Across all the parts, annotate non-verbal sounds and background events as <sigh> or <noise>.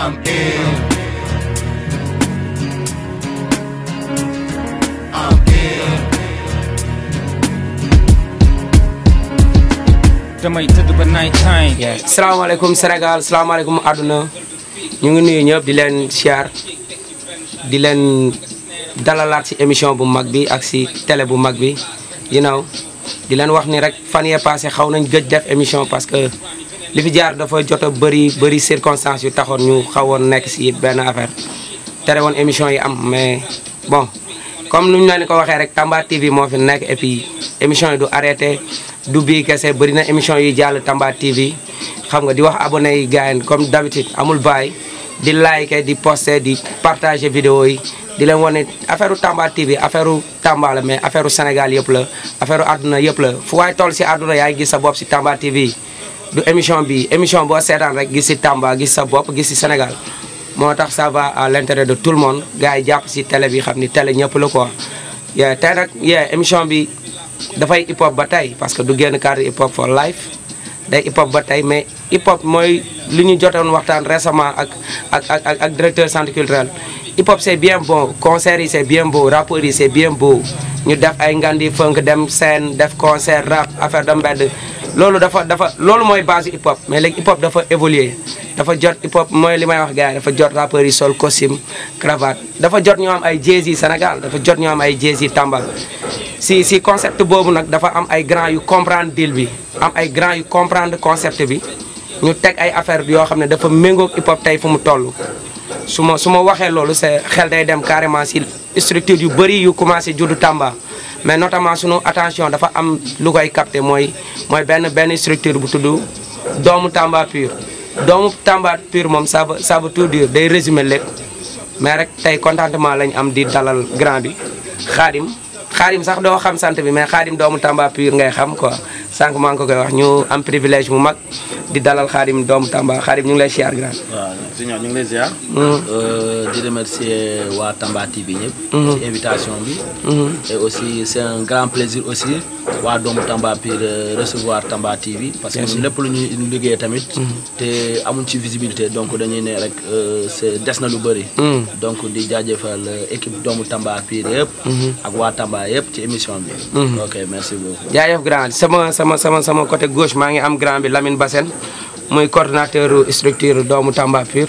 I'm ill. I'm ill. damay tëdd ba night time. salaamaaleykum Sénégal salaamaaleykum àdduna ñu ngi nuyu ñëpp di leen siyaar di leen dalalaat si émission bu mag bi ak si télé bu mag bi you know di leen wax ni rek fan yee passé xaw nañ gëj def émission parce que. li fi jaar dafa jot a bëri bëri circonstances yu taxoon ñu xawoon nekk si benn affaire tere woon émission yi am mais bon comme nuñ leen ko waxee rek Tamba TV moo fi nekk et puis émission yi du arrêté du bii kese bëri na émission yi jàll Tamba TV xam nga di wax abonné yi gars yi comme d'habitude amul bàyyi di like di poster di partage vidéo yi di leen wane affaire Tamba TV affaire Tamba mais affaire Sénégal yëpp la affaire àdduna yëpp la fu waay toll si àdduna gis sa bopp si Tamba TV. du émission bi émission boo seetaan rek gis si Tamba gis sa gis si Sénégal moo tax ça va à l'intérêt de tout le monde gars yi jàpp si télé bi xam ni télé ñëpp la quoi. yee tey nag yee émission bi dafay hip hop ba tey parce que du génn cadre hip hop for life day hip hop ba tey mais hip hop mooy li ñu jotoon waxtaan récemment ak ak ak ak directeur centre culturel. hip hop c'est bien beau concert yi c'est bien beau rappeurs yi c'est bien beau ñu def ay ngandi funk dem scène def concert rap de mbedd. Lolo, dafa dafa loolu mooy base hip hop mais léegi hip hop dafa évoluer dafa jot hip hop mooy li wax gars dafa jot rappeurs yi sol costume cravate dafa jot ñoo am ay jersey Sénégal dafa jot ñoo am ay jersey si si concept boobu nag dafa am ay grand yu comprendre dilbi, bi am ay grand yu comprendre concept bi ñu teg ay affaire yoo xam dafa méngoog hip hop tey fu mu toll su ma su ma waxee loolu c'est xel day dem carrément si structure yu bëri yu commencé juddu mais notamment sunu attention dafa am lu koy capté mooy mooy benn benn structure bu tudd doomu Tamba pur doomu Tamba pur moom ça veut ça veut tout dire day résumer lépp mais rek tey contentement lañ am di dalal grand bi xaadim xaadim sax doo xam sant bi mais xaadim doomu Tamba pur ngay xam quoi sànq maa ko koy wax ñu am privilège mu mag di dalal xarim doomu Tamba xarim ñu ngi lay ziar grand. waaw seigneur ñu ngi lay ziar. Mm. euh di remercier wa Tamba TV ñep mm. ci invitation bi. Mm. et aussi c'est un grand plaisir aussi wa doomu Tamba puis recevoir Tamba TV. parce que ñun lépp lu ñuy liggéey tamit. té amuñ ci visibilité donc dañuy né rek euh, c'est dess na lu bëri. donc di jaajëfal euh, équipe doomu Tamba Pire yëpp. Mm-hmm. ak wa Tamba yëpp ci émission bi. Mm-hmm. ok merci beaucoup. jajeuf grand sama sama. sama sama sama côté gauche maa ngi am grand bi Lamine Bassène muy coordonnateur structure doomu Tamba fiir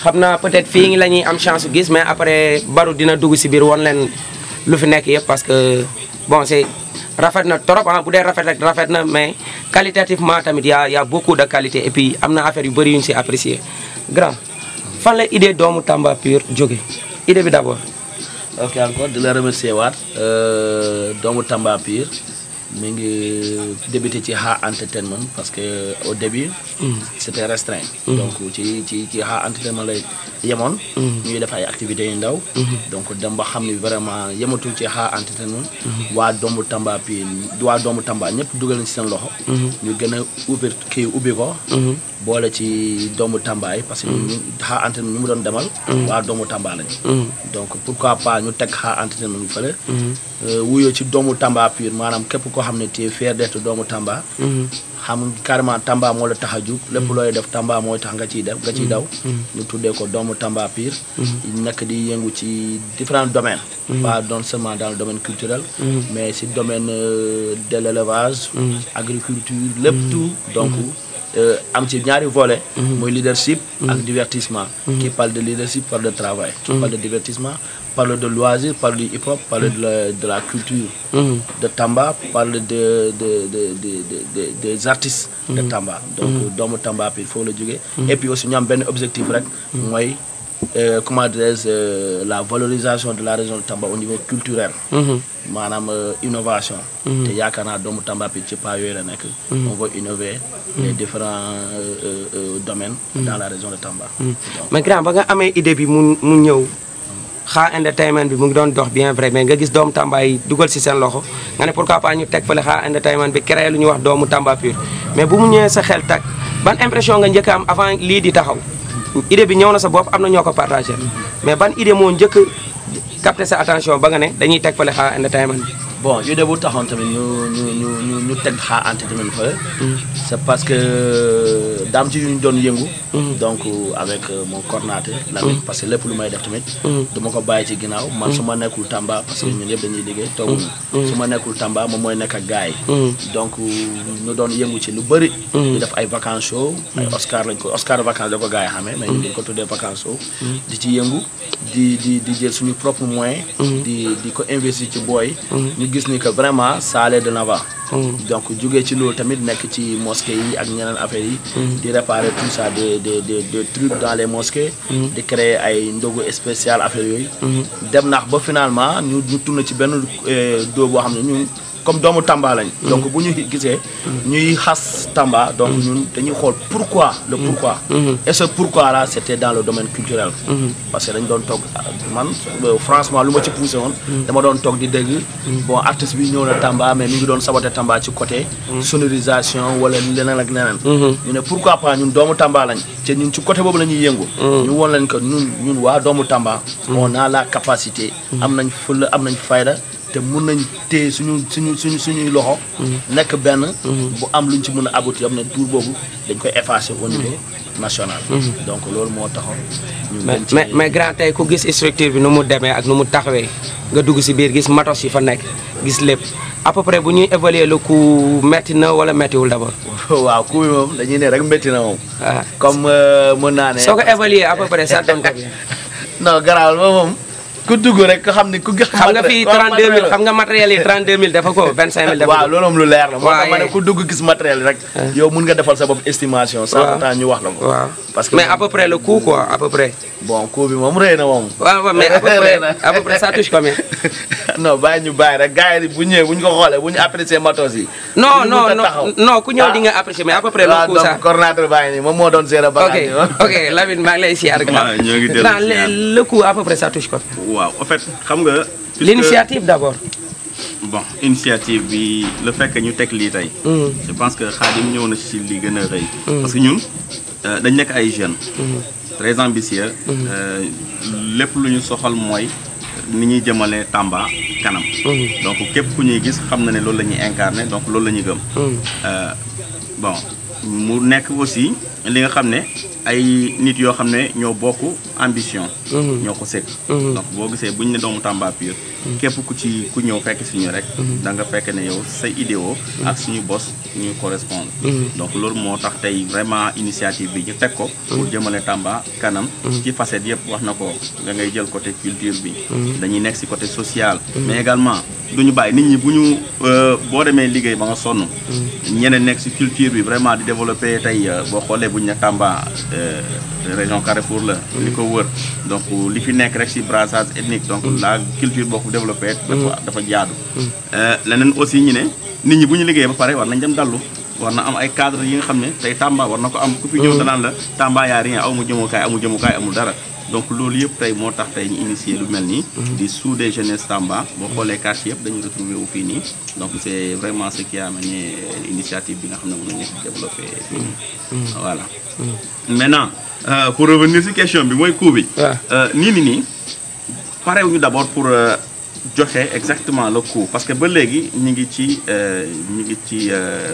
xam naa peut-être fii ngi la am chance gis mais après baru dina dugg si biir won leen lu fi nekk yëpp parce que bon c'est rafet na trop ah bu dee rafet rek rafet na mais qualitativement tamit y a y a beaucoup de qualité et puis am na affaire yu bëri yu ñu si apprécié grand fan la idée doomu Tamba Pur jóge idée bi d'abord ok encore di la remercier waat euh, doomu Tamba Pur mi ngi débuté ci xa entertainment parce que euh, au début. Mm. c'était restreint. Mm. donc ci ci ci xa entertainment lay yemoon. Mm. ñuy def ay activités yu ndaw. Mm-hmm. donc dem ba xam ni vraiment yematul ci xa entertainment. Mm-hmm. waa doomu Tamba bi waa doomu Tamba ñëpp dugal nañ ci seen loxo. Mm-hmm. ñu gën a ouvrir ko. boole ci doomu Tamba yi parce que ñu xa entertainment ñu mu doon demal. waa doomu Tamba lañ. donc pourquoi pas ñu teg xa entertainment ñu fële. Euh, wuyoo ci doomu Tamba pur maanaam képp ko koo xam ne tu es fier d'être doomu Tamba. xam carrément Tamba moo la tax a jug. lépp looy def Tamba mooy tax nga ciy def nga ciy daw. ñu tuddee ko doomu Tamba Pire. nekk di yëngu ci différents domaines. pas non seulement dans le domaine mais si domaine euh, de l'élevage. agriculture lépp tout donc. Euh, am ci ñaari volet muy leadership ak divertissement qui parle de leadership parle de travail qui parle de divertissement parle de loisirs, parle de hip-hop, parle de la, culture mhm. de Tamba, parle des artistes de mhm. Tamba. Donc, le mhm. Tamba il faut le juger. et puis aussi nous avons un objectif c'est euh, comment euh, la valorisation de la région de Tamba au niveau culturel. une euh, innovation. y a un Tamba puis ci pas on veut innover. les différents domaines. dans la région de Tamba. mais grand ba nga une idée xaa entertainment bi mu ngi doon dox bien vrai mais nga gis doomu Tamba yi dugal si seen loxo nga ne pourquoi pas ñu teg fële xaa entertainment bi créé lu ñuy wax doomu Tamba pur mais bu mu ñëwee sa xel tak ban impression nga njëkk am avant lii di taxaw idée bi ñëw na sa bopp am na ñoo ko partagé mais ban idée moo njëkk capté sa attention ba nga ne dañuy teg fële xaa entertainment bon idée bu taxoon tamit ñu ñu ñu teg Xa Anta tamit fële. est parce que daam ci ñu doon yëngu. Mm. donc avec euh, mon coordonnateur. Lamine mm. parce que lépp lu may def tamit. Mm. du ma ko bàyyi ci ginnaaw. man su ma nekkul Tamba parce que ñun yëpp dañuy liggéey ma nekkul Tamba moom mooy nekk ak yi. donc ñu doon yëngu ci lu bëri. ñu def ay vacances show. ay Oscar lañ ko Oscar vacances la ko gars yi xamee. mais ñu ko tuddee vacances show. di ci yëngu di di di jël suñu propre moyen. di di ko investir ci booy. gis ni que vraiment ça allait de l'avant mm. donc jugee ci loolu tamit nekk ci mosquée yi ak ñeneen affaires yi mm. di réparer tout ça des des des des trucs dans les mosquées mm. di créer ay ndogu spécial affaires yooyu dem nax ba finalement ñu ñu tourné ci benn euh, doo boo xam ñun comme doomu Tamba lañ. Mm. donc bu ñu gisee. ñuy xas Tamba. donc mm. ñun dañuy xool pourquoi. le mm. pourquoi. et ce pourquoi là c' était dans le domaine culturel. parce que dañ doon toog man euh, franchement lu ma ci poussé woon. dama doon toog di dégg. bon artiste bi ñëw na Tamba mais mi ngi doon sabote Tamba ci côté. sonorisation wala leneen ak leneen. Mm-hmm. ñu ne pourquoi pas ñun doomu Tamba lañ. te ñun ci côté boobu la ñuy yëngu. ñu woon leen que ñun waa doomu Tamba. on a te mun nañ téye suñu suñu suñu suñuy loxo. Mm-hmm. nekk benn. Mm-hmm. bu am luñ ci mën a aboutir am na tuur boobu dañ koy effacer au niveau mm-hmm. national. donc loolu moo taxaw. mais mais grand tey ku gis structure bi nu mu demee ak nu mu taxawee nga dugg si biir gis matos yi fa nekk gis lépp à peu bu ñuy évaluer la ku metti na wala mettiwul d' abord. <laughs> waaw ku moom dañuy ne rek métti na moom. Ah. comme euh, mën naa ne. soo ko évaluer à peu près ça donne <laughs> non garaawul moom. ku dugg rek nga xam ne ku gis. xam nga fii 32000 xam nga matériel yi dafa ko 25000. dafa ko waaw loolu moom lu leer la. moo tax ma ne ku eh. bopp estimation. sans wax la ko. waaw que mais à peu près le coût quoi à peu près. bon ñu bàyyi rek gars bu ñëwee bu ñu ko xoolee bu ñu apprécier matos yi. non non non ku ñëw ah. di nga ah, nii moom moo doon gérer bagage. ok ok Lamine maa ngi lay siyaar. waaw ñoo ngi dellu siyaar le coût à peu près l'initiative d'abord. bon initiative le fait que nous soyons mm. je pense que Khadim sommes. parce que nous, euh, mm. très ambitieux. Mm. Euh, les lu ñu soxal ni Tamba donc nous ku donc nous euh, bon nous aussi les nga ay nit yoo xam ne ñoo bokk ambition. Mhm. ñoo ko sëg. Mhm. donc boo gisee buñ ne doomu Tamba Pur. Mhm. képp ku ci ku ñëw fekk si ñu rek. da nga fekk ne yow sa idéo ak suñu bos ñu correspondre. donc loolu moo tax tey vraiment initiative bi ñu teg ko. pour jëmale Tamba kanam. ci facette yëpp wax na ko da ngay jël côté culture bi. dañuy nekk si côté social. mais également du ñu bàyyi nit ñi bu ñu euh, boo demee liggéey ba nga sonn. ñeneen nekk si culture bi vraiment di développer tey euh, boo xoolee bu ñu ne Euh, région Carrefour la li ko wër donc li fi nek rek ci brassage ethnique donc la culture beaucoup développé dafa dafa jaadu euh, lenen aussi ñu ne nit ñi bu liggéey ba paré war nañ dem dalu war na am ay cadre yi nga xamné tay Tamba war nako am ku fi ñëw mm. dana la Tamba ya rien amu jëmukaay amu jëmukaay amu dara donc loolu yëpp tey moo tax tey ñu initier lu mel nii mm. di souder jeunesse Tamba boo xoolee quartier yëpp dañu retrouver wu fii nii donc c' est vraiment ce qui a amené initiative bi nga xam ne mën développé mm. voilà maintenant euh, pour revenir si question bi mooy coût bi. Euh, nii ni nii parewuñu d' abord pour euh, joxe exactement la coût parce que ba léegi ñu ngi ci ñu ngi ci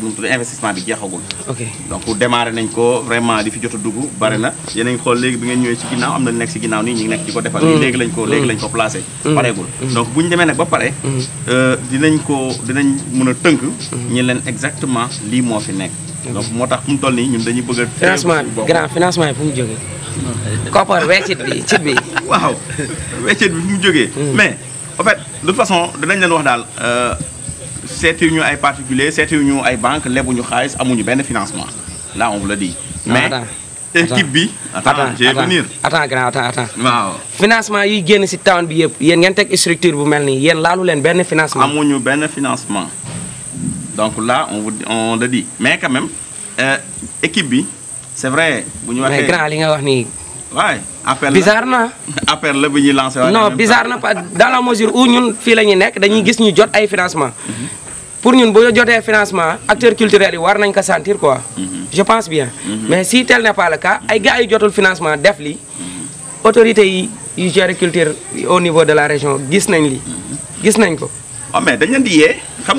nu mu tudd investissement bi jeexagul. ok donc démarré nañ ko vraiment di fi jot a dugg bare na. yéen a ngi xool léegi bi ngeen ñëwee ci ginnaaw am na nekk si ginnaaw nii ñu ngi nekk di ko defal. nii mm. léegi lañ ko léegi mm. lañ ko placé. Mm. pareegul donc bu ñu demee nag ba pare. dinañ ko dinañ mën a tënk. ñi leen exactement lii moo fi nekk. donc moo tax toll nii ñun dañuy bëgg financement grand financement pour fu mu jógee. koppar weccit bi cit bi. <laughs> waaw weccit bi hmm. mais en fait de toute façon dinañ leen wax euh c'est ñu ay particulier c'est ñu ay banque lebuñu xaalis amuñu ben financement là on vous le dit. mais équipe bi. attends j'ai venir attends grand attends attends. waaw financement yi génn ci town bi yépp yeen ngeen tek structure bu melni yeen laalu leen ben financement. amuñu ben financement donc là on on le dit mais quand même euh, équipe c'est vrai. buñu mais grand li nga wax ni bizarre na. appel non bizarre pas dans la mesure où nous sommes lañu nek avons dañuy gis ñu jot ay financement pour nous, ñun bu un financement acteurs culturels yi war nañ ko sentir quoi. Mhm. je pense bien. Mhm. mais si tel n'est pas le cas ay gars ont jotul financement def li mhm. autorités yi culture au niveau de la région ils nañ li gis nañ ko. Ah, mais ils ont di yee xam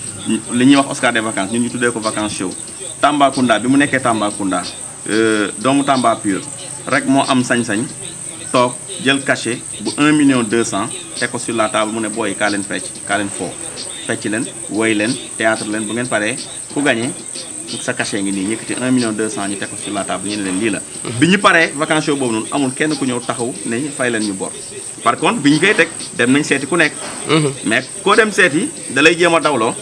li ñuy wax Oscar des vacances ñun ñu tuddee ko vacances show Tambacounda bi mu nekkee Tambacounda euh, doomu Tamba pur rek moo am sañ-sañ toog jël cachet bu 1 million 200 teg ko sur la mu ne booy kaa leen fecc kaa leen foo fecc leen woy leen théâtre leen bu ngeen paree ku gagné sa cachet ngi nii ñëkkati 1 million 200 ñu teg ko sur la ñu ne leen lii la. bi ñu paree vacances show boobu noonu amul kenn ku ñëw taxaw ne fay leen ñu bor par contre bi ñu koy teg dem nañ seeti ku nekk. Mhm. mais koo dem seeti da lay jéem a dawloo.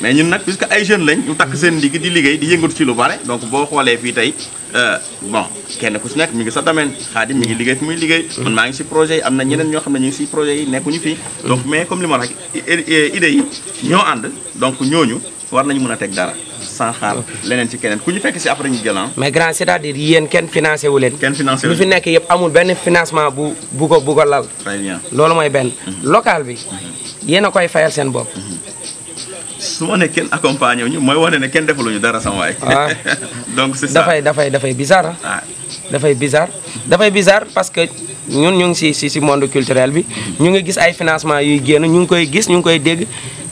mais ñun nag que ay jeunes lañ ñu takk seen ndigg di liggéey di yëngatu ci lu bare donc boo xoolee fii tey euh, bon kenn ku si nekk mi ngi sa domaine Xaadim mi ngi liggéey fi muy liggéey maa ngi si projet yi am na ñoo xam ne si projet yi nekkuñu fii donc mais comme li ma wax ñoo ànd donc ñooñu war nañu mën a teg dara sans leneen ci keneen ku ñu fekk si après ñu jëlan mais grand c'est-à-dire yéen kenn financé leen kenn lu fi nekk yëpp amul benn financement bu bu ko bu lal très bien loolu mooy benn mhm. local bi mhm. yéen a koy fayal seen bopp mhm. su ma ne kenn accompagné ñu mooy wane ne kenn defaluñu dara sama waay. Ah. <laughs> donc c'est ça dafay dafay dafay bizarre ah. dafay bizarre dafay bizarre parce que ñun ñu ngi si si si monde culturel bi ñu ngi gis ay financement yuy génn ñu ngi koy gis ñu ngi koy dégg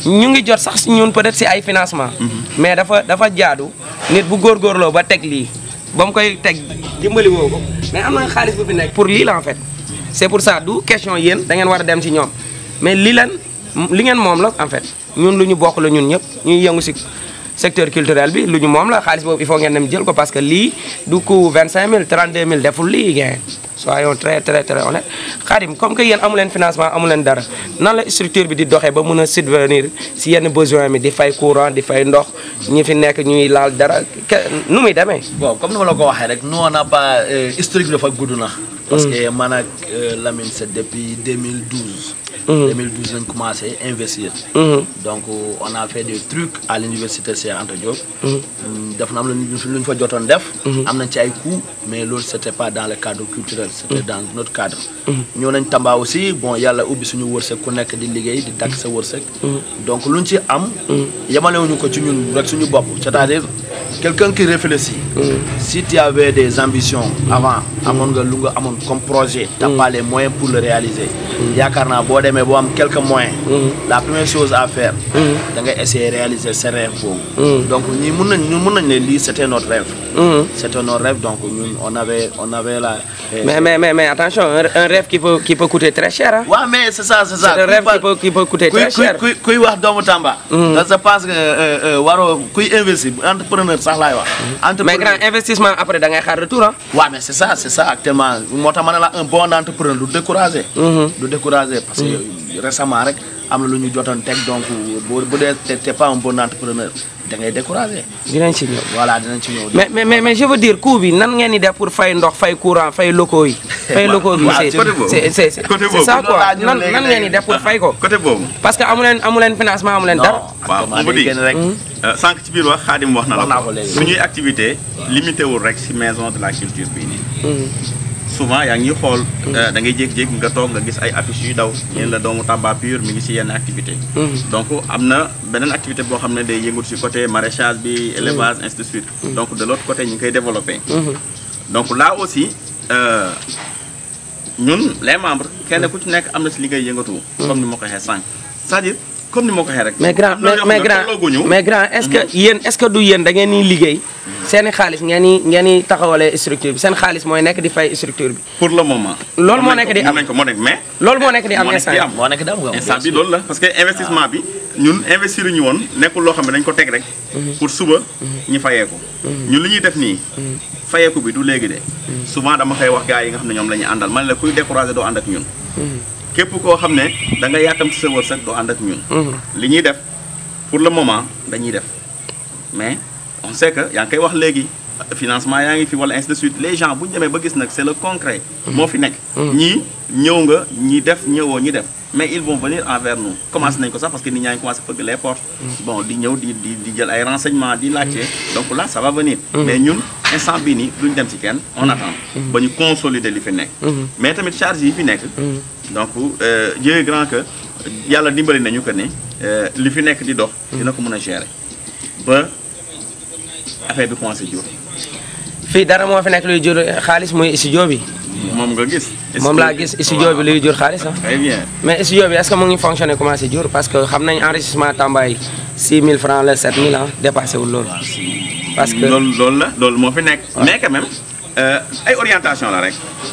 ñu ngi jot sax ñun peut-être si ay financement mm-hmm. mais dafa dafa jaadu nit bu góor góorgóorloo ba teg lii ba mu koy teg dimbali woo ko mais am na xaalis bu bi nekk pour lii la en fait c'est pour ça du question yéen da ngeen war a dem si ñoom mais lii leen li ngeen moom la en fait ñun lu ñu bokk la ñun ñëpp ñu yëngu si secteur culturel bi lu ñu moom la xaalis boobu il faut ngeen dem jël ko parce que lii du coût mille 32000 deful lii ngeen soyons très très très honnête Karim comme que yéen amuleen leen financement amu leen dara nan la structure bi di doxee ba mun a subvenir si yenn besoin mi di fay courant di fay ndox ñi fi nekk ñuy laal dara nu muy demee. boo comme ni ma la ko waxee rek nous on n'a pas euh, historique bi dafa gudd na. parce mm. que man ak euh, Lamine c'est depuis 2012. 2012 mhm. a commencé à investir. Mhm. donc on a fait des trucs à l'université, de Cheikh Anta Diop. Mhm. Mm, def na am na lu fa mais l'autre c'était n'était pas dans le cadre culturel. c'était dans notre cadre. Nous nañ Tamba aussi bon yàlla ubbi suñu wërsëg ku nekk di liggéey di dagg sa wërsëg. donc luñ ci am. yemalewuñu ko ci ñun rek suñu bopp cest à dire quelqu'un qui réfléchit. si tu avais des ambitions avant amoon nga lu nga comme projet. t'as pas les moyens pour le réaliser. Il y a boo demee boo am quelques moyens. Mhm. la première chose à faire. Mhm. da ngay essayer réaliser sa rêve mhm. donc ñii mun nañ ñun mun nañ ne lii notre rêve. c' notre rêve donc ñun on avait on avait la. Eh, mais mais mais mais attention un rêve qui peut qui peut coûter très cher hein. ah. waaw mais c'est ça c'est ça. un rêve qui peut qui peut coûter très cher. kuy kuy wax doomu Tamba. da se passe euh, que euh, euh, waroo kuy investir entrepreneur sax laay wax. entrepreneur mais grand investissement après da ngay xaar retour hein. ah. waaw mais c'est ça c'est ça actuellement moo tax ma la un bon entrepreneur du découragé. du découragé parce que. récemment rek am na lu ñu jotoon teg donc boo bu dee t'es pas un bon entrepreneur da ngay découragé. dinañ ci ñëw mais mais mais je veux dire coût nan ngeen di def pour fay ndox fay courant fay locaux yi. <laughs> fay locaux yi c'est c'est c'est ça quoi nan nan ngeen di def pour boobu parce que amu leen amu leen financement amu leen dara. waaw mu euh, ci biir wax Xaadim wax na la ko suñuy activité limité wul rek si maison de la culture bii nii. Hmm. souvent yaa ngi xool. Mm. Euh, da ngay jéeg jékki nga toog nga gis ay affiches yu daw. ñeen mm. la doomu Tamba Pur mi ngi si yenn activité mm. donc am na beneen activité boo xam ne day yëngut si côté maraîchage bi. élevage ainsi de suite. donc de l'autre côté ñu ngi koy développé. Mm-hmm. donc là aussi. Euh, ñun les membres kenn ku ci nekk am na si li ngay yëngatu. comme ni ma ko waxee sànq cest dire comme ni Mega. ko rek. mais grand mais grand mais grand est ce que yéen est ce que du yéen da ngeen di liggéey. seen i xaalis ngeen di ngeen di taxawalee structure bi seen xaalis mooy nekk di fay structure bi. pour le moment. loolu moo nekk di am moo nekk mais. loolu moo nekk di am instant moo nekk di am instant bi loolu la parce que investissement bi. ñun investir ñu woon nekkul loo xam ne dañ ko teg rek. Mhm. pour suba mhm. ñu fayee ko. Mhm. ñun li ñuy def nii. fayeeku bi du léegi de. souvent dama koy wax gars yi nga xam ne ñoom la ñuy àndal man la kuy découragé ak ñun. képp koo xam da nga ci sa doo mhm. pour le moment dañuy mais on sait que yaa ngi wax léegi financement yaa ngi ainsi de suite les gens bu ñu ba gis c'est le concret. Mhm. moo fi mhm. nga mais ils vont venir envers nous commencé nañ ko ça parce que nit ñaa commencé les portes. bon di di di di jël ay renseignements di donc là ça va venir. mais instant bii nii duñ dem ci kenn on attend mhm. ba ñu consolider li fi nekk mhm. mais tamit charge yi fi nekk mhm. donc euh, Dieu est grand que yàlla dimbali nañu que ne euh, li fi nekk di dox dina ko mën a gérer ba affaire bi commencé jur fii dara moo fi nekk luy jur xaalis muy studio bi moom nga gis moom laa gis studio bi luy jur xaalis ah très bien mais studio bi est ce que mu ngi fonctionner commencé jur parce que xam nañ enregistrement Tamba yi francs la 7 000 ah dépassé wul loolu parce que loolu loolu la loolu mais quand même euh, ay orientation la rek.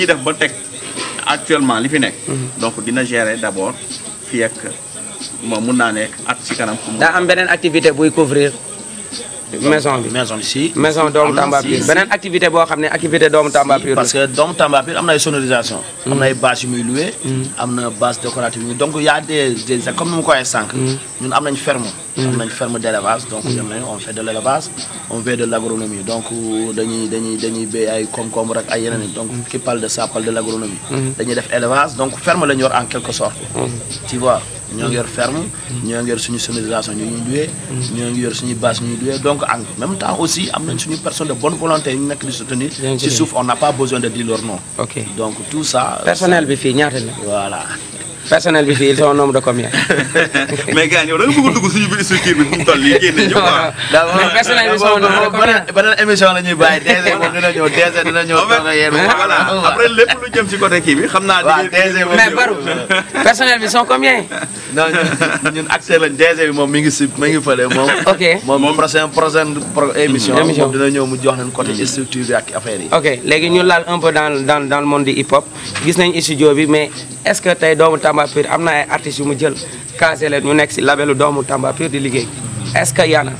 ñuy def ba teg actuellement li fi nekk. Mhm. donc dina gérer d' abord fii ak moom mun naa ne at si kanam. daa am beneen activité buy couvrir. maison bi maison bi si. maison dom Tamba benen activité bo xamné activité dom Tamba parce que dom Tamba Pire amna sonorisation. amna na ay mm. base yu muy loué. Mm. décorative donc il y' a des comme nous, quoi est waxee mm. ñun amnañ ferme. am une ferme d'élevage donc on fait de l'élevage on fait de l'agronomie. donc dañuy dañuy dañuy béy ay koom-koom donc qui parle de ça parle de l'agronomie. agronomie. dañuy def élevage donc ferme la ñu en quelque sorte. tu vois. Nous ngi ferme. ñoo ngi yor suñu sonorisation ñu ñuy duwee. ñoo ngi suñu ñu donc en même temps aussi nous une suñu personne de bonne volonté ñu nekk de soutenir. ci suuf on n'a pas besoin de dire leur nom. donc tout ça. personnel bi fii voilà personnel bi fii ils sont nombre de combien. <laughs> mais gars yow da nga bëgg dugg suñu biir structure bi fu mu toll nii génne ñu quoi. <laughs> mais personnel bi ils sont nombre de combien. beneen émission la ñuy bàyyi DG moom dina ñëw DG dina ñëw toog yéen voilà <laughs> après lépp lu jëm ci côté kii bi xamna naa. waaw DG mais Barou personnel bi sont combien. non ñun accès lañ DG bi mom mi ngi si mi ngi falé mom ok moom prochain prochain émission. émission dina ñëw mu jox nañ côté structure bi ak affaire yi. ok légui ñu laal un peu dans dans dans le monde du hip hop gis nañ studio bi mais est-ce que tay doomu Tamba Pur am na ay artistes mu jël casé leen ñu nekk si labelu doomu Tamba Pur di liggéey est-ce que yaana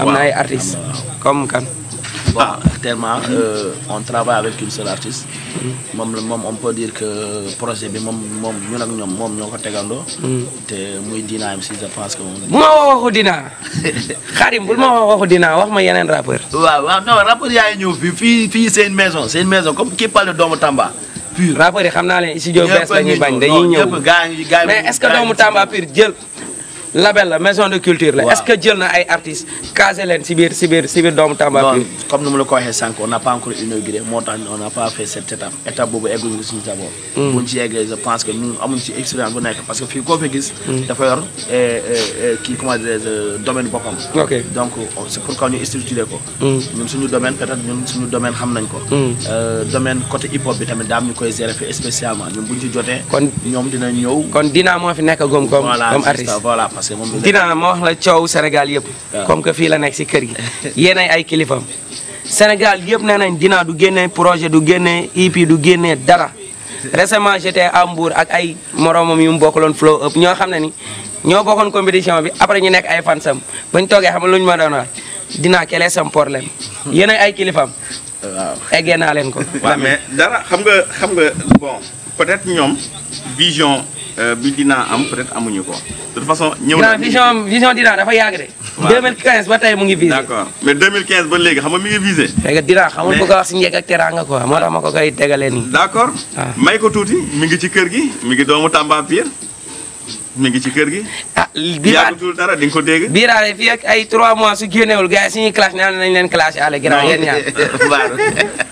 am na ay artistes comme kan bon actuellement euh, on travaille avec une moom moom on peut projet bi moom moom ñun ak ñoom moom ñoo ko tegandoo hmm. muy Dina MC je pense que moom bu ma wax waxu Dina Karim bul ma wax waxu Dina wax ma yeneen rappeur waaw waaw non rappeur yaa ngi ñëw fii maison c'est maison comme kii parle doomu Tamba pur rappeurs yi naa leen studio bees la ñuy bañ dañuy ñëw mais est-ce que doomu Tamba pur jël La la maison de culture est-ce que jël na ay artistes casé comme nous on n'a pas encore on n'a pas fait cette étape étape hmm. je pense que nous ci expérience parce que hmm. eh, eh, eh, comment euh, domaine donc c'est pourquoi structuré hmm. domaine peut-être domaine xam euh, domaine côté hip hop bi tamit koy gérer spécialement ci dina kon artiste parce que moom dina ma wax la coow Sénégal yëpp. Ah. comme que fii la nekk si kër gi. yéen ay kilifam Sénégal yëpp nee nañ dina du génne projet du génnee EP du génnee dara. récemment j'étais à Mbour ak ay moromam yu mbokk loon flow up ñoo xam ne ni ñoo bokkoon compétition bi après ñu nekk ay fansam ba ñu toogee xam nga lu ñu ma doon wax dinaa kele sam problème yéen ay kilifam. waaw eggee naa leen ko. waaw dara xam nga xam nga bon peut ñoom vision. Euh, bi dinaa am peut être amuñu ko. de toute façon ñëw na vision vision dinaa dafa yàgg de. ba tey mu ngi visé. d' accord mais 2015 ba léegi xam nga mi ngi visé. mais dinaa xamul bëgg a wax si njëkk ak teraanga quoi moo tax ma ko koy tegalee nii. d' ah. may ko tuuti mu ngi ci kër gi mi ngi doomu Tamba Pire. mu ngi ci kër gi. ah biiraale yàggutul dara di nga ko dégg. biiraale fii ak ay 3 mois su génneewul gars yi suñuy clash naan nañ leen clash à la grand yéen ñaar.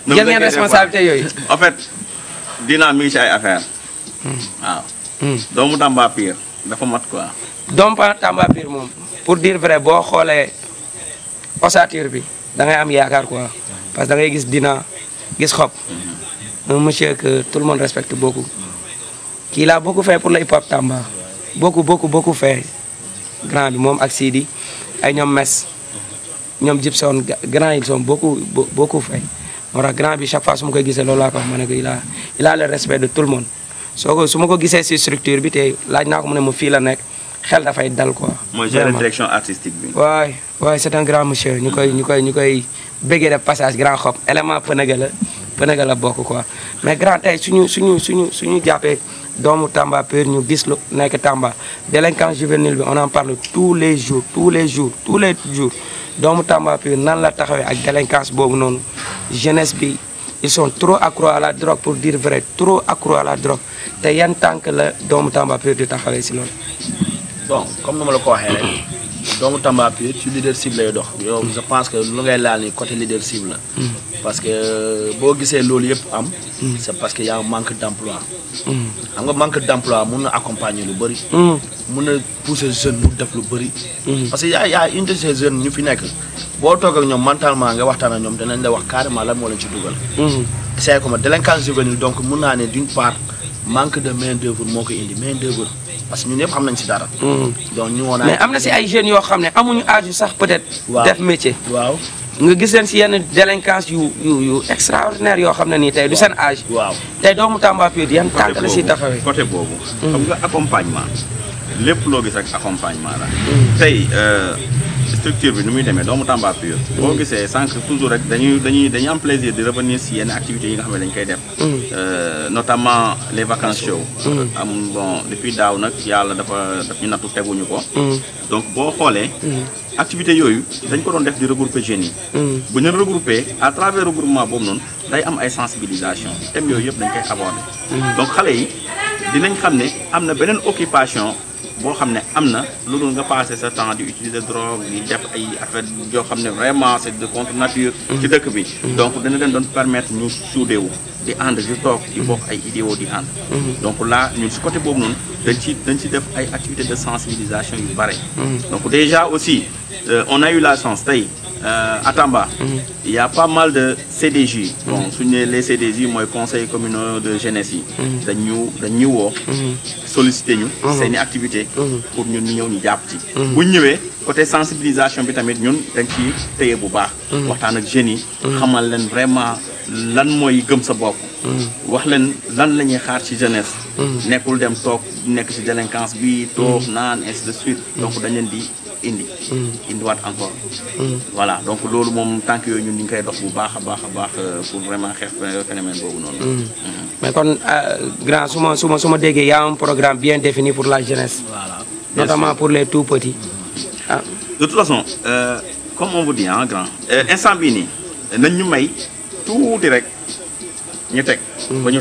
jël <laughs> ngeen responsabilité yooyu. en fait dinaa mi ngi ci affaire hmm. waaw. doomu Tamba Pire dafa mat quoi. doomu Tamba Pire moom pour dire vrai boo xoolee ossature bi dangay am yaakaar quoi parce que da ngay gis dina gis xob. Mhm. un monsieur que tout le monde respecte beaucoup. kii laa beaucoup fait pour le hip hop Tamba. beaucoup beaucoup beaucoup fait grand bi moom ak Sidi ay ñoom Mes ñoom Gibson grand ils sont beaucoup beaucoup fait moo tax grand bi chaque fois su ma gisee loolu laa ko wax ma ne ko il a il respect de tout le monde. suis ko ma structure bi suis laaj que ko mu ne ma la direction artistique Oui, c'est un grand monsieur. Il koy ñu un ñu grand élément pour la Mais grand si suñu suñu suñu suñu Tamba Tamba délinquance juvénile on en parle tous les jours tous les jours tous les jours doomu Tamba nan la délinquance jeunesse ils sont trop accro à la drogue pour dire vrai trop accro à la drogue Il y a un temps Tamba Pur di taxawee si bon comme nous le croyons, doomu Tamba Pire ci leadership lay dox. yow je pense que lu ngay laal ni côté leadership la. Hmm. parce que euh, boo gisee loolu yëpp am. Hmm. c' parce que y' a manque d' emploi. Hmm. xam nga manque d' emploi mun na accompagner lu bëri. mun mu def lu bëri. parce que y' a y' a une ñu fi nekk boo toog ak ñoom mentalement nga waxtaan ak ñoom danañ la wax carrément lan moo leen ci dugal. c' est comme délinquance juvénile donc mun naa ne d' part. manque de main d'œuvre moo koy indi main d'œuvre parce que ñun ñëpp xam nañ si dara. Hmm. donc ñu woon mais am na si ay jeunes yoo xam ne amuñu âge sax peut-être. def métier. waaw nga gis leen si yenn délinquance yu yu yu extraordinaire yoo xam ne nii tey du seen âge. waaw tey doomu Tamba Pire yan tànk la si taxawee. côté boobu xam nga accompagnement hmm. lépp loo gis ak accompagnement la. Hmm. tey. Euh, structure bi nu muy demee doomu Tamba pur boo sans sànq toujours rek dañuy dañuy dañuy am plaisir de revenir si yenn activité yi nga xam ne dañ koy def mm. euh, notamment les vacances show mm. am bon depuis daaw nag yàlla dafa daf ñu nattu teguñu ko mm. donc boo xoolee activité yoyu dañ ko doon def di regrouper jeunes yi bu ñu regrouper à travers regroupement boobu noonu day am ay sensibilisation thèmes yooyu yëpp dañ koy aborder donc xalé yi dinañ xamné amna benen occupation bo xamné amna am loolu nga passer sa temps di utiliser drogue di def ay affaire yo xamné vraiment c'est de contre nature ci dëkk bi mm-hmm. donc dana leen doon permettre ñu wu di ànd di toog di bok ay idéaux di ànd mm-hmm. donc là ñun si côté boobu noonu dañ ci dañ ci def ay activités de sensibilisation yu bare mm-hmm. donc déjà aussi euh, on a eu la chance tay euh, il y a pas mal de CDJ. Bon, mhm. les CDJ, moi, conseil communal de jeunesse, Ils mhm. une woo. Mhm. ñu. c'est une activité pour nous ñu ñëw nous, ci. bu côté sensibilisation nous tamit ñun Nous Nous nous, bu baax. nous ak vraiment lan moy gëm sa bop wax leen lan xaar ci jeunesse. nekkul dem tok nekk ci délinquance bi nan ainsi de suite donc dañ leen di indi. Mm. indiwaat encore. Mm. voilà donc lolu mom tànk yooyu ñun ni ngi koy dox bu baax a baax euh, pour vraiment xeex phénomène bobu non. Mm. Mm-hmm. mais kon euh, grand su ma su ma y a un programme bien défini pour la jeunesse. voilà notamment pour les tout petits. Mm-hmm. Ah. de toute façon euh, comme on vous dit hein, grand instant bii nii nañ ñu may direct, rek ñu tek ba ñu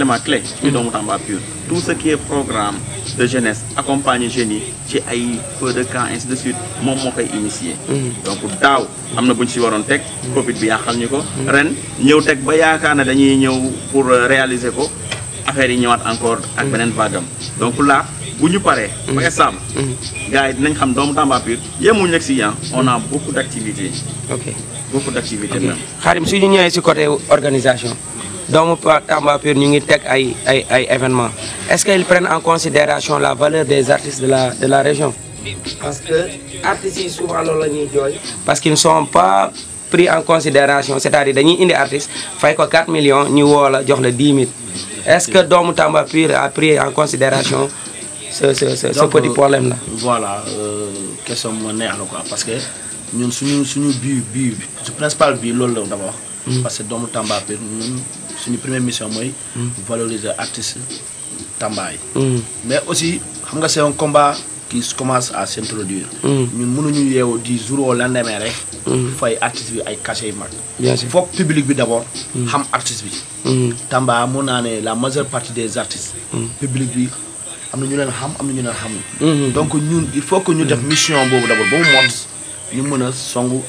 élément clé du Tamba pure tout ce qui est programme de jeunesse accompagné génie, yi ci ay feu de camp ainsi de suite mon mot est initié. Mm. donc daaw amna buñ ci ñu si mm. Covid bi yàqal ñu ko mm. ren ñëw teg ba yaakaar ne dañuy ñëw pour euh, réaliser ko affaire yi ñëwaat encore ak benen vagam donc là buñu paré paree ba instant gars yi dinañ xam doomu Tamba Pur yemuñu nag si on a beaucoup d'activités. ok beaucoup d'activités activités xarim suñu ñëwee ci côté organisation Tambapur ñu événements est-ce qu'ils prennent en considération la valeur des artistes de la région parce que artistes souvent parce qu'ils ne sont pas pris en considération c'est-à-dire dañuy des artistes, fay ko 4 millions nous, ont 10 000 est-ce que Tamba Tambapur a pris en considération ce ce ce, petit euh, problème là voilà euh, question monnaie, parce que nous, sommes suñu but, Le ne principal pas le la hmm. parce que Tambapur c'est une première mission moi valoriser artiste tambay mm. mais aussi c'est un combat qui commence à s'introduire. Nous sommes tous di jours au lendemain rek. Mm. fay artiste bi ay cachet faut faut public bi d'abord. Mm. xam artiste bi. Tamba mun la majeure partie des artistes. public bi. am ñu mm-hmm. donc il faut que ñu def mission d'abord ba nous mot ñu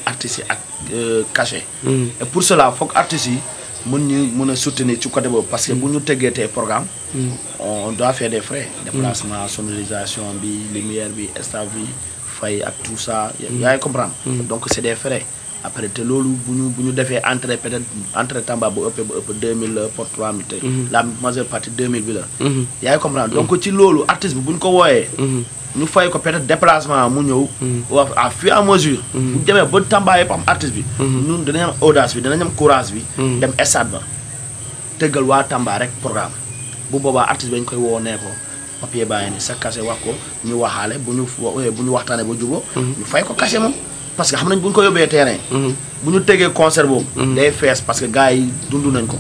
artiste caché artistes euh, et pour cela il faut artistes mën ñu soutenir ci côté parce que si nous programme mm. on doit faire des frais déplacement sonorisation bi lumière bi staff bi fay tout ça Vous mm. comprenez comprendre mm. donc c'est des frais après te loolu bu ñu ñu defee entrée peut-être entrée Tamba bu ëppee ba ëpp 2000 la porte 3000 te la majeure partie 2000 bi la mhm. yaay comprendre donc mhm. ci loolu artiste bi bu ñu ko wooyee mhm. ñu fay ko peut-être déplacement mu ñëw wa à fur mesure bu demee ba Tamba yëpp am artiste bi ñun dinañ am audace bi bi dem stade ba tëggal waa Tamba rek programme bu boobaa artiste bi dañ koy woo nee ko papier bàyyi ni sa cachet wax ko ñu waxaale bu ñu bu ñu waxtaanee ba juboo ñu fay ko cachet moom parce que xam nañ bu ñu ko yóbbee terrain. Mhm. bu ñu tegee concert boobu. Mhm. day fees parce que gars yi dund nañ ko.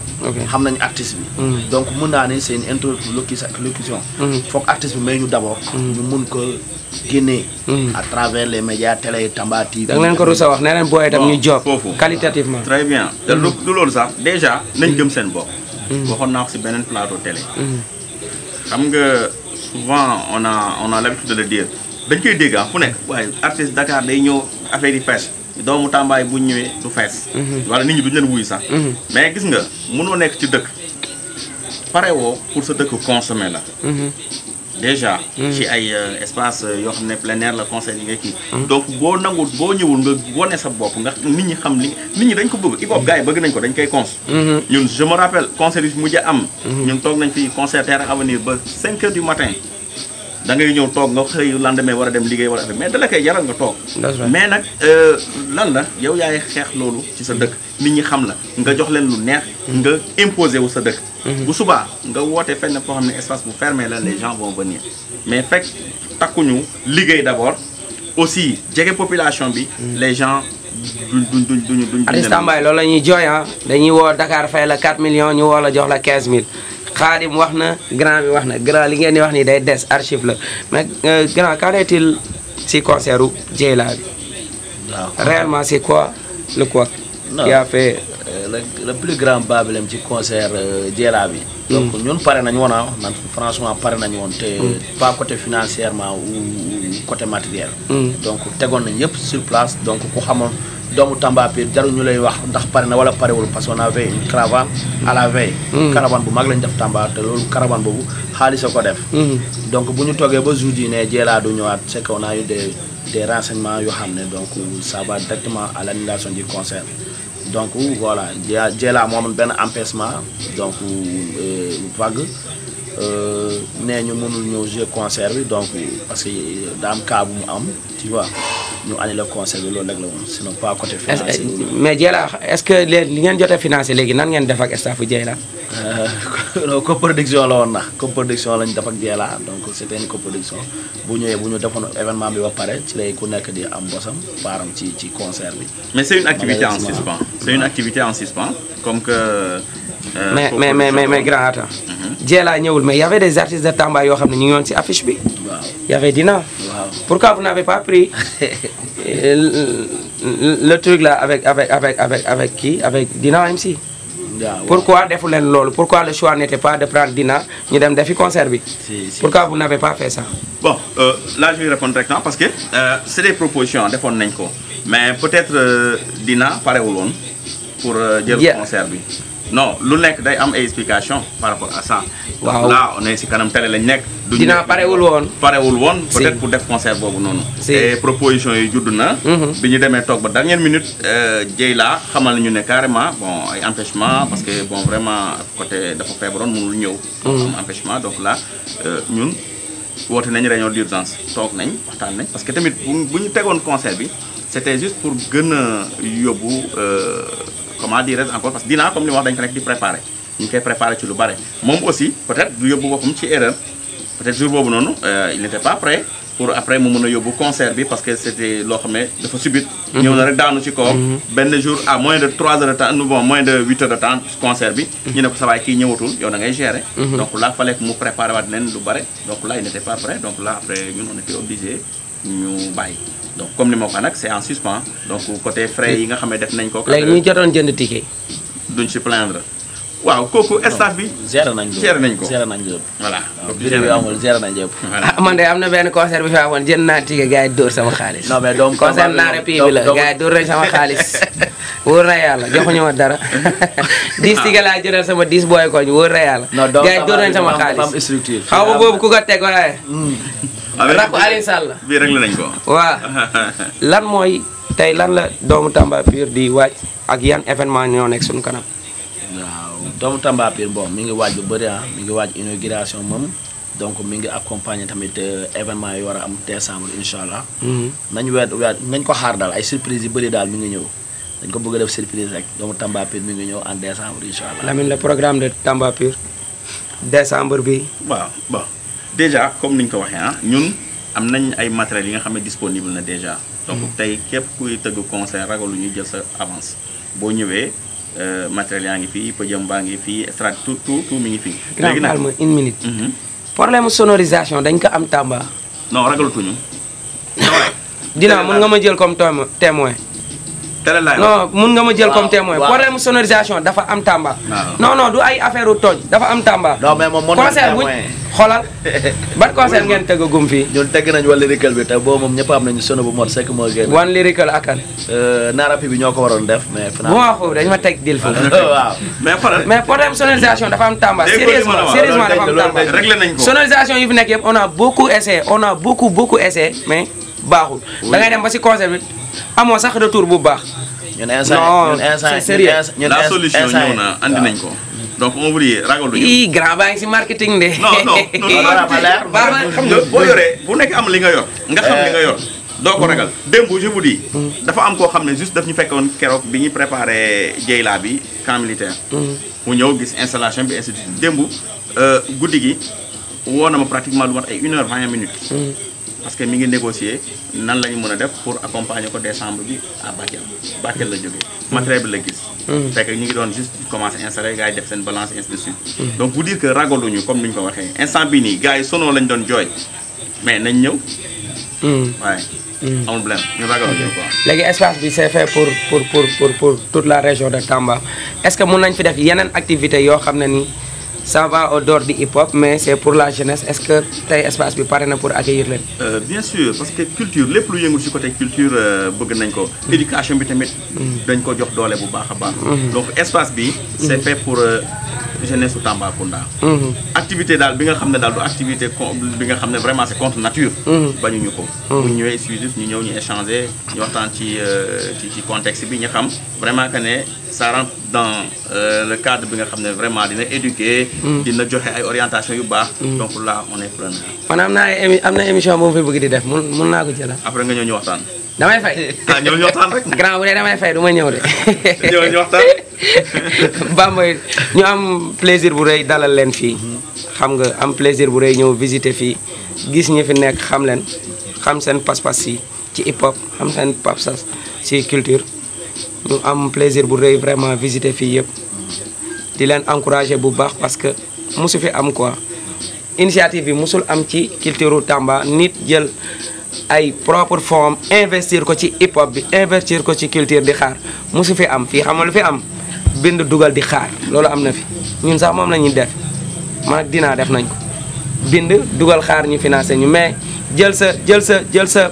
xam nañ artiste bi. Mhm. donc mun naa ne seen une interlocution. foog artiste bi may ñu d'abord. ñu ko génnee. les médias télé Tamba da nga ko rus wax nee leen booy itam ñu job qualitativement très bien te du loolu sax déjà nañ gëm seen bopp. waxoon naa ko si beneen plateau télé. xam nga souvent on a on a l'habitude dañ koy dégg ah, fu nekk waaye artiste Dakar day ñëw. affaire yi fees doomu tàmbaay bu ñëwee du fees. Mhm. wala nit ñi duñ leen wuy sax. Mhm. mais gis nga mënoo nekk ci dëkk paré wo pour sa dëkk consommer la. Mhm. déjà. ci ay euh, espace euh, yoo xam ne plein air la conseil yi nga kii. donc boo nangu boo ñëwul nga wone sa bopp nga nit ñi xam li nit ñi dañ ko bëgg hip hop gars yi bëgg nañ ko dañ koy cons. ñun je me rappelle conseil yi mujj am. ñun toog nañ fi concert Terra Avenir ba 5 heures du matin. da ngay ñëw toog nga xëy lendemain war a dem liggéey war a affaire mais dala koy jaral nga toog. mais nag euh, lan la yow yaay xeex loolu ci sa dëkk nit ñi xam la nga jox leen lu neex. nga imposer wu sa dëkk. Mm-hmm. bu subaa nga woote fenn foo xam ne espace bu fermé la les gens vont venir mais fekk takkuñu liggéey d' abord aussi jege population bi. Mm-hmm. les gens. duñ duñ duñ duñ. Aziz Tambay loolu la ñuy jooy ah. dañuy woo Dakar fay la 4 millions ñu woo la jox la 15000. xaadim wax na grand bi wax na grand li ngeen di wax nii day des archive la mais euh, grand qu'en est-il si concert u Dieyla bi réellement c'est quoi le quoi qui a fait euh, le plus grand problème ci concert Dieyla euh, bi mm. donc ñun pare nañu woon ah, man franchement pare nañu woon te mm. pas côté financièrement ou côté matériel mm. donc tegoon nañ yëpp sur place donc ku xamoon doomu Tamba Pire jarul ñu lay wax ndax pare na wala parewul parce que on avait une caravane à la veille. Hmm. caravane bu mag lañ def Tamba te loolu caravane boobu xaalis a ko def. Hmm. donc bu ñu toogee ba jour yi ne Dieyla du ñëwaat c'est qu'on a eu des des yoo xam ne donc ça va directement à l'annulation du concert. donc voilà Dieyla moo amoon benn empêchement donc euh, vague. Euh, nee ñu mënul ñëw jouer concert bi donc parce que euh, daa am cas bu mu am tu vois ñu annulé le bi loolu rek la moom sinon pas côté financier. Euh, mais Dieyla est-ce que li ngeen jot financer, financé léegi nan ngeen def ak staff Dieyla. <laughs> coproduction la woon na coproduction lañ def ak Dieyla donc c'était une coproduction bu ñëwee bu ñu defoon événement bi ba pare ci lay ku nekk di am bosam baaram ci ci concert bi. mais c'est une activité en suspens c'est une activité en suspens comme que. mais mais mais mais grand attends. Dieyla mhm. ñëwul mais il y avait des artistes de Tamba qui ont fait y avait Dina. pourquoi vous n'avez pas pris <laughs> le, truc là avec avec avec avec avec Dina MC. pourquoi pourquoi le choix n'était pas de prendre Dina ñu dem defi concert pourquoi vous n'avez pas fait ça. bon euh, là je vais répondre directement parce que euh, c'est des propositions mais peut-être euh, Dina Dina au long pour jël concert bi non lu y day am par rapport à ça. là on est quand même même. peut-être pour def concert c'est proposition yi judduna mhm. biñu démé tok ba dernière minute. Diey euh, eu xamal nañu carrément bon ay empêchement mhm. parce que bon vraiment côté dafa mënul ñëw. Mhm. empêchement donc là euh, ñun woté nañ réunion d'urgence nañ parce que tamit buñu tégon concert c'était juste pour gëna yobbu euh comment dire encore parce que dinaa comme li wax dañ ko rek di préparé ñu ngi koy préparé ci lu bare mom aussi peut-être du yobbu boppam ci erreur peut-être jour boobu noonu euh, il n'était pas prêt pour après mu mën yobbu concert bi parce que c'était lo xamé dafa subit mhm. ñëw na rek daanu ci ko mhm. ben jour à moins de 3 heures de temps bon moins de 8 heures de temps concert bi mhm. ñu ne ko sawaay kii n'y yow da ngay gérer donc là fallait que mu préparer wat leen lu bare donc là il n'était pas prêt donc là après ñun on était obligé ñu donc comme nous avons, c'est en suspens donc côté frais yi nga on ne def nañ ko. nous jënd ticket. duñ plaindre. waaw coco, staff bi. ça nañ ko gérer nañ ko voilà nañ ah, de concert non mais doomu concert pas. bi la sama <laughs> dara. <laughs> Ah. ticket nous sama diis boy koñ wóor na sama rakku Aliou Sall la bii réglé nañ ko. waa <laughs> lan mooy tey lan la doomu Tamba Pire di waaj ak yan événement ñoo nekk suñu kanam. waaw doomu Tamba Pire mi ngi waaj lu bëri ah mi ngi waaj inauguration moom donc mi ngi accompagner tamit euh, événement yi war a am décembre incha allah. Mhm. nañ weer weer nañ ko xaar daal ay surprise yu bëri daal mi ngi ñëw. dañ ko bëgg def surprise rek doomu Tamba Pire mi ngi ñëw en décembre incha allah. Lamine le programme de Tamba Pire décembre bi. waaw déjà comme ni ñu ko waxee ah ñun am nañ ay matériels yi nga xam ne disponible na déjà. donc hmm. tey képp kuy tëgg concert ragalu ñu jël sa avance boo ñëwee euh, matériels yaa ngi fii pëjëm baa ngi fii estrade tout tout mi ngi fii. léegi nag grand une minute. Mhm. problème sonorisation dañ ko am Tamba. non ragalatuñu. dinaa mën nga ma jël comme témoin télé laay non mun nga ma jël comme témoin problème sonorisation dafa am Tamba. non non du ay affaire u tooñ dafa am Tamba. non mais moom mën na concert buñ xoolal <laughs> ban concert ngeen tëggagum fii. ñun tëgg nañ wan lyrical bi te boobu moom ñëpp am nañu sono bu mot sekk moo génn. wan lyrical ak kan. Euh, naarapi bi ñoo ko waroon def mais. bu ma waxoo dañ ma teg dil foofu. <laughs> waaw mais problème mais problème sonorisation dafa am Tamba. sérieusement sérieusement dafa am Tamba réglé nañ ko. sonorisation yi fi nekk yëpp on a beaucoup essayé on a beaucoup beaucoup essayé mais baaxul. da ngay dem ba si concert bi. amoo sax retour bu baax. ñun instant ñun instant c'est sérieux la solution ñëw na andi nañ ko. donc on veut dire ragaluñu. si marketing de. non non <laughs> xam nga boo yoree bu nekk am li nga yor. nga xam li nga yor. doo ko dafa am koo xam ne juste daf ñu fekkoon keroog bi ñuy préparé Jeyla bi camp militaire. Mm. mu gis installation bi institut démb euh, guddi gi. woo na ma pratiquement lu mat ay une heure vingt minutes. Hmm. parce que mi ngi négocier nan la ñu mën a def pour accompagner ko décembre bi à Bakel Bakel la jógee hmm. matériel bi la gis hmm. fekk ñu ngi doon juste commencé installé gars yi def seen balance ainsi de suite donc vous dire que ragaluñu comme ni ñu ko waxee instant bi nii gars yi sonoo lañ doon jooy mais nañ ñëw waaye amul problème ñu ragaluñu espace bi c'est fait pour pour pour pour pour toute la région de Tamba est-ce que mun nañ fi def yeneen activité yoo xam ne ça va au dehors du hip-hop mais c'est pour la jeunesse est-ce que tey espace bi pare pour accueillir euh, bien sûr parce que culture les lu jeunes ci côté culture euh, bëgg nañ ko. Mm. éducation bi tamit. Mm. dañ ko jox doole bu baax mm-hmm. donc espace bi. c'est mm-hmm. fait pour euh, jeunesse su Tambacounda. Mm-hmm. activité daal bi nga xam ne activité bi nga vraiment c'est contre nature. bañuñu ko. bu ñu ñëwee exclusif ñu ñëw ñu échanger ñu waxtaan ci euh, ci ci contexte bi ñu xam vraiment que ne. ça rentre dans euh, le cadre bi nga xam ne vraiment dina éduquer. Mm. dina joxe ay orientation yu baax. Mm. donc là on est preneur. man am naa ay na émission boo fi bëgg di def mun mun naa ko jëlaat. après nga ñëw ñu waxtaan. damay fay <laughs> ah ñëw ñu waxtaan rek. <laughs> grand bu dee ma ñëw de. <laughs> ñëw ñu waxtaan. Bamba ñu am plaisir bu rey dalal leen fii. Mm-hmm. xam nga am plaisir bu rëy ñëw visiter fii gis ñi fi nekk xam leen xam seen pas-pas ci hip hop xam seen pas-pas si culture. ñu am plaisir bu rëy vraiment visiter fii yëpp di leen encourager bu baax parce que mosu fi am quoi initiative bi mosul am ci culture Tamba nit jël ay propre forme investir ko ci hip hop bi investir ko ci culture di xaar mosu fi am fii xam nga lu fi am bind dugal di xaar loolu am na fi ñun sax moom la def man ak dinaa def nañ ko bind dugal xaar ñu financé ñu mais jël sa jël sa jël sa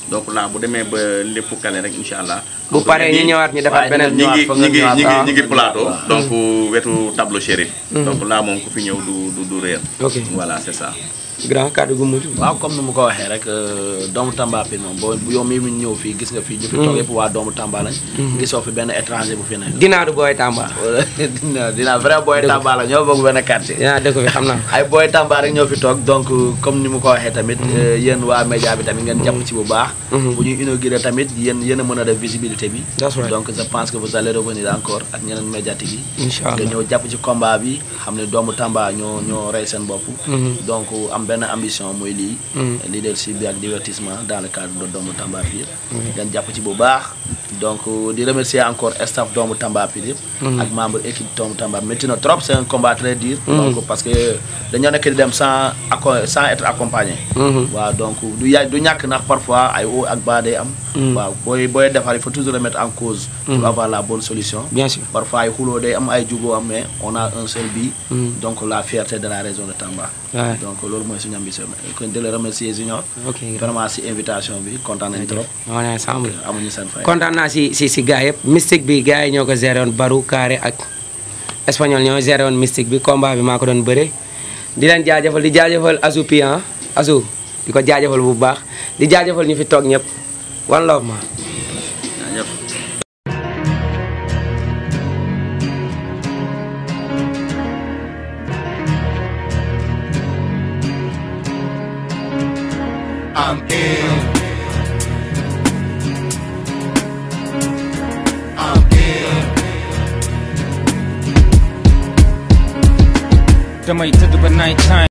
donc là bu demee ba lépp kale rek incha allah. bu paree ñu ñëwaat ñu defaat beneen ñu ngi ñu ngi ñu ngi ñu ngi plateau. donc wetu tableau chérif. Mm. donc laa moom ku fi ñëw du du du réer. voilà c'est ça. grand kàddu gu mujj. waaw comme ni mu ko waxee rek euh, doomu Tamba Pire moom boo yow mii mu ñëw fii gis nga fii. ñu fi toog mm. yëpp waa doomu Tamba mm-hmm. <laughs> ñoo <laughs> ñoo fi toog donc comme ni mu ko waxee tamit. Mm-hmm. Euh, yéen waa média bi tamit ngeen jàpp mm-hmm. ci bu baax. bu ñuy inauguré tamit yéen yéen a mën a def visibilité bi. donc je pense que vous allez revenir encore ak ñeneen médiatique yi. incha allah nga ñëw jàpp ci combat ñoo ñoo rey seen bopp. donc am benn ambition mooy lii. Mm. leadership bi ak divertissement dans le cadre de Doomu Tamba fii. ngeen mm. jàpp ci bu baax. donc euh, di remercier encore staff doomu Tamba Philippe mhm. ak membre équipe doomu Tamba maintenant trop c'est un combat très dur mhm. donc parce que les nek di dem sans sans être accompagné mhm. donc du yaay du ñak nak parfois ay haut ak ba day am wa boy boy il faut toujours mettre en cause pour avoir la bonne solution bien sûr parfois ay xulo day am ay djugo am mais on a un seul but donc la fierté de la raison de Tamba donc lolu moy suñu ambition kon de le remercier Junior vraiment si invitation bi d'être nañ trop amuñu seen fay si si si gars yëpp mystique bi gars yi ñoo ko géré woon baru carré ak espagnol ñoo géré woon mystique bi combat bi maa ko doon bëre di leen jaajëfal di jaajëfal Azou Pian ah. Azou di ko jaajëfal bu baax di jaajëfal ñu fi toog ñëpp one love ma I might take up at night time.